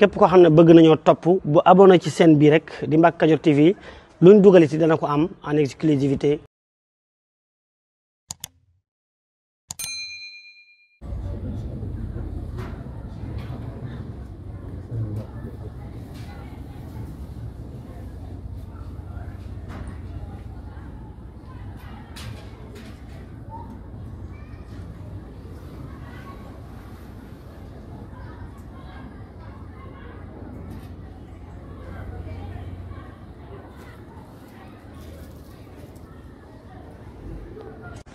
képp koo xam ne bëgg nañoo topp bu abonné ci chaîne bii rek di Mbacke Kadior TV luñ dugal ci dana ko am en exclusivité